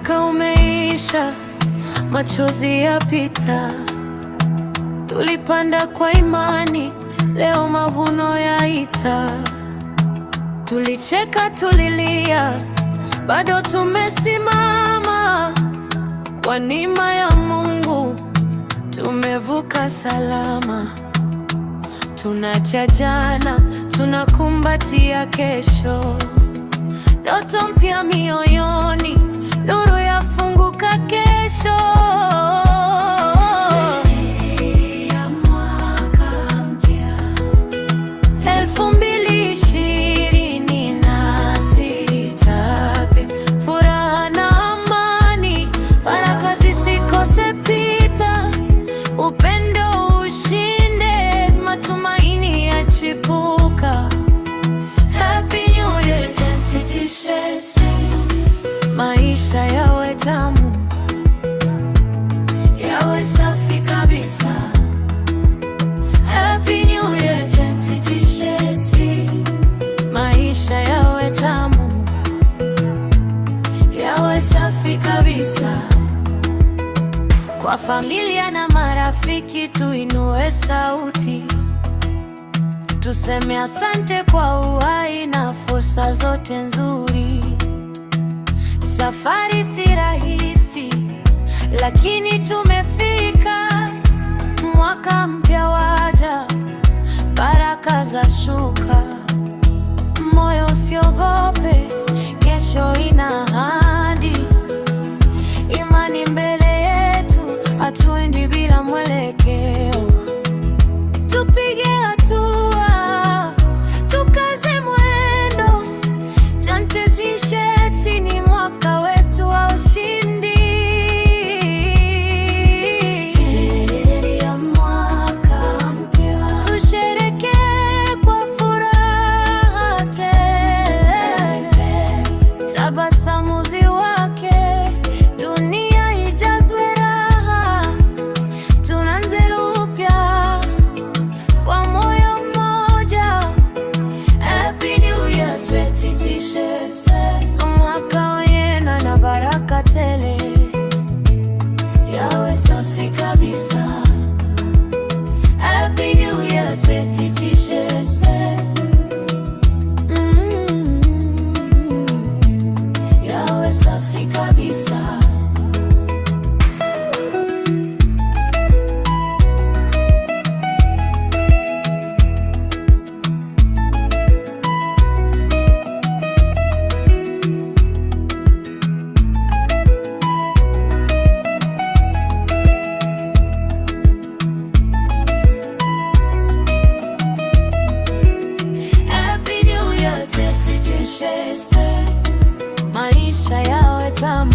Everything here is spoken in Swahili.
Mwaka umeisha, machozi yapita, tulipanda kwa imani, leo mavuno yaita. Tulicheka, tulilia, bado tumesimama, kwa neema ya Mungu tumevuka salama. Tunacha jana, tunakumbatia kesho, ndoto mpya mioyoni duru yafunguka tamu, yawe safi kabisa. Happy New Year maisha yawe tamu yawe safi kabisa. Kwa familia na marafiki tuinue sauti, tuseme asante kwa uhai na fursa zote nzuri. Safari si lakini tumefi ucheze maisha yawe tamu.